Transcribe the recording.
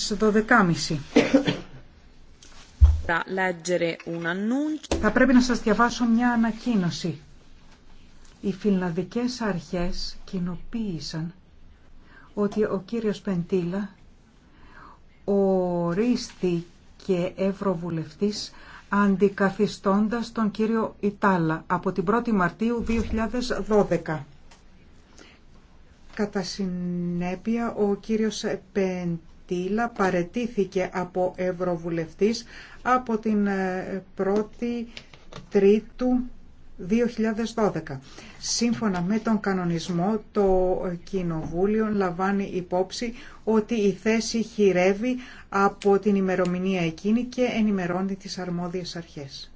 12.30. Θα πρέπει να σας διαβάσω μια ανακοίνωση. Οι φιλανδικές αρχές κοινοποίησαν ότι ο κύριος Πεντήλα ορίστηκε ευρωβουλευτής αντικαθιστώντας τον κύριο Ιτάλα από την 1η Μαρτίου 2012. Κατά συνέπεια, ο κύριος Πεντήλα Τίλα παρετήθηκε από Ευρωβουλευτής από την 1η ε, Τρίτου 2012. Σύμφωνα με τον κανονισμό, το Κοινοβούλιο λαμβάνει υπόψη ότι η θέση χειρεύει από την ημερομηνία εκείνη και ενημερώνει τις αρμόδιες αρχές.